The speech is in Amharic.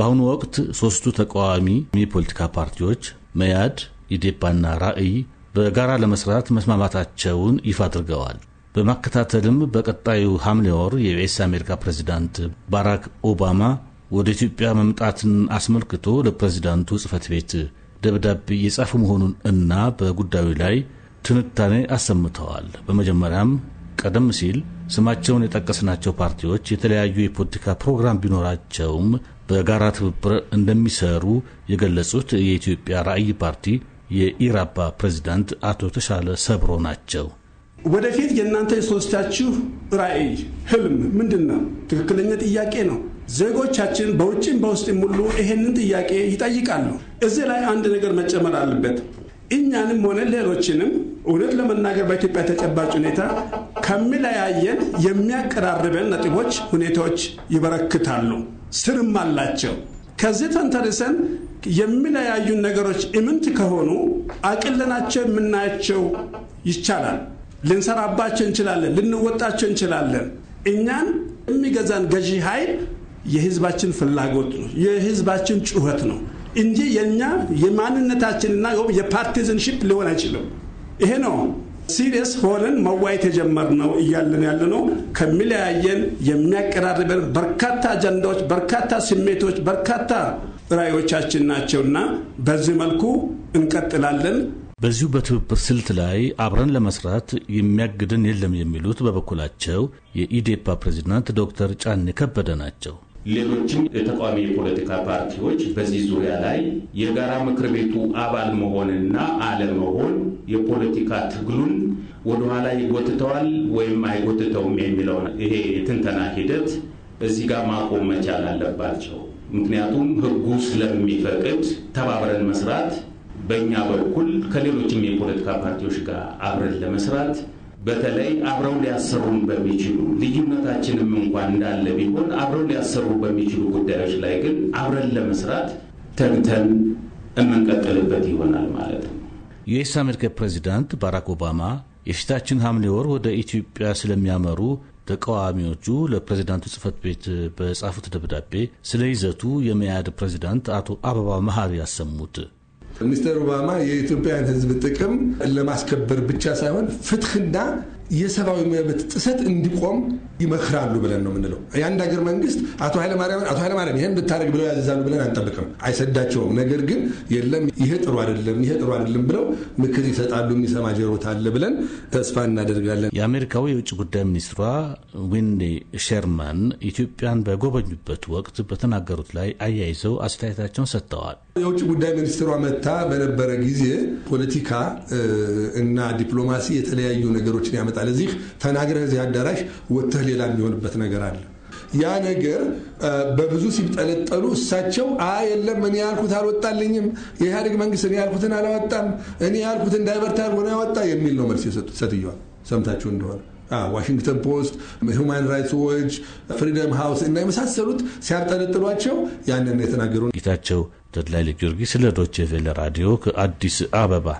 በአሁኑ ወቅት ሶስቱ ተቃዋሚ የፖለቲካ ፓርቲዎች መያድ፣ ኢዴፓና ራዕይ በጋራ ለመስራት መስማማታቸውን ይፋ አድርገዋል። በማከታተልም በቀጣዩ ሐምሌ ወር የዩኤስ አሜሪካ ፕሬዚዳንት ባራክ ኦባማ ወደ ኢትዮጵያ መምጣትን አስመልክቶ ለፕሬዚዳንቱ ጽህፈት ቤት ደብዳቤ የጻፉ መሆኑን እና በጉዳዩ ላይ ትንታኔ አሰምተዋል። በመጀመሪያም ቀደም ሲል ስማቸውን የጠቀስናቸው ፓርቲዎች የተለያዩ የፖለቲካ ፕሮግራም ቢኖራቸውም በጋራ ትብብር እንደሚሰሩ የገለጹት የኢትዮጵያ ራዕይ ፓርቲ የኢራፓ ፕሬዚዳንት አቶ ተሻለ ሰብሮ ናቸው። ወደፊት የእናንተ የሶስታችሁ ራዕይ ህልም ምንድን ነው? ትክክለኛ ጥያቄ ነው። ዜጎቻችን በውጭም በውስጥም ሁሉ ይሄንን ጥያቄ ይጠይቃሉ። እዚህ ላይ አንድ ነገር መጨመር አለበት። እኛንም ሆነ ሌሎችንም እውነት ለመናገር በኢትዮጵያ ተጨባጭ ሁኔታ ከሚለያየን የሚያቀራርበን ነጥቦች፣ ሁኔታዎች ይበረክታሉ። ስርም አላቸው። ከዚህ ተንተርሰን የሚለያዩን ነገሮች ኢምንት ከሆኑ አቅልለናቸው የምናያቸው ይቻላል። ልንሰራባቸው እንችላለን፣ ልንወጣቸው እንችላለን። እኛን የሚገዛን ገዢ ኃይል የህዝባችን ፍላጎት ነው፣ የህዝባችን ጩኸት ነው እንጂ የእኛ የማንነታችንና የፓርቲዝንሽፕ ሊሆን አይችልም። ይሄ ነው ሲሪየስ ሆነን መዋየት የጀመርነው እያለን ያለ ነው ከሚለያየን የሚያቀራርበን በርካታ አጀንዳዎች፣ በርካታ ስሜቶች፣ በርካታ ራዕዮቻችን ናቸውና በዚህ መልኩ እንቀጥላለን። በዚሁ በትብብር ስልት ላይ አብረን ለመስራት የሚያግድን የለም የሚሉት በበኩላቸው የኢዴፓ ፕሬዚዳንት ዶክተር ጫኔ ከበደ ናቸው። ሌሎችም የተቃዋሚ የፖለቲካ ፓርቲዎች በዚህ ዙሪያ ላይ የጋራ ምክር ቤቱ አባል መሆንና አለመሆን የፖለቲካ ትግሉን ወደኋላ ይጎትተዋል ወይም አይጎትተውም የሚለውን ይሄ የትንተና ሂደት እዚህ ጋር ማቆም መቻል አለባቸው። ምክንያቱም ሕጉ ስለሚፈቅድ ተባብረን መስራት በእኛ በኩል ከሌሎችም የፖለቲካ ፓርቲዎች ጋር አብረን ለመስራት በተለይ አብረው ሊያሰሩን በሚችሉ ልዩነታችንም እንኳን እንዳለ ቢሆን አብረው ሊያሰሩ በሚችሉ ጉዳዮች ላይ ግን አብረን ለመስራት ተግተን የምንቀጥልበት ይሆናል ማለት ነው። ዩኤስ አሜሪካ ፕሬዚዳንት ባራክ ኦባማ የፊታችን ሐምሌ ወር ወደ ኢትዮጵያ ስለሚያመሩ ተቃዋሚዎቹ ለፕሬዚዳንቱ ጽህፈት ቤት በጻፉት ደብዳቤ ስለ ይዘቱ የመያድ ፕሬዚዳንት አቶ አበባ መሐሪ ያሰሙት ሚስተር ኦባማ የኢትዮጵያን ሕዝብ ጥቅም ለማስከበር ብቻ ሳይሆን ፍትህና የሰብአዊ መብት ጥሰት እንዲቆም ይመክራሉ ብለን ነው የምንለው። የአንድ ሀገር መንግስት አቶ ኃይለማርያምን አቶ ኃይለማርያም ይህን ብታደረግ ብለው ያዘዛሉ ብለን አንጠብቅም፣ አይሰዳቸውም። ነገር ግን የለም ይሄ ጥሩ አይደለም፣ ይሄ ጥሩ አይደለም ብለው ምክር ይሰጣሉ። የሚሰማ ጀሮታ አለ ብለን ተስፋ እናደርጋለን። የአሜሪካዊ የውጭ ጉዳይ ሚኒስትሯ ዊንዲ ሸርማን ኢትዮጵያን በጎበኙበት ወቅት በተናገሩት ላይ አያይዘው አስተያየታቸውን ሰጥተዋል። የውጭ ጉዳይ ሚኒስትሯ መታ በነበረ ጊዜ ፖለቲካ እና ዲፕሎማሲ የተለያዩ ነገሮችን ያመጣል ይመጣል። እዚህ ተናግረህ እዚህ አዳራሽ ወጥተህ ሌላ የሚሆንበት ነገር አለ። ያ ነገር በብዙ ሲጠለጠሉ እሳቸው አይ የለም እኔ ያልኩት አልወጣልኝም፣ የኢህአዴግ መንግስት እኔ ያልኩትን አላወጣም፣ እኔ ያልኩት እንዳይበርታ ሆነ ያወጣ የሚል ነው መልስ የሰጡት ሴትዮዋ ሰምታችሁ እንደሆነ ዋሽንግተን ፖስት፣ ሁማን ራይትስ ዎች፣ ፍሪደም ሃውስ እና የመሳሰሉት ሲያብጠለጥሏቸው ያንን የተናገሩ ጌታቸው ተድላይ ጊዮርጊስ ለዶቼ ቬለ ራዲዮ ከአዲስ አበባ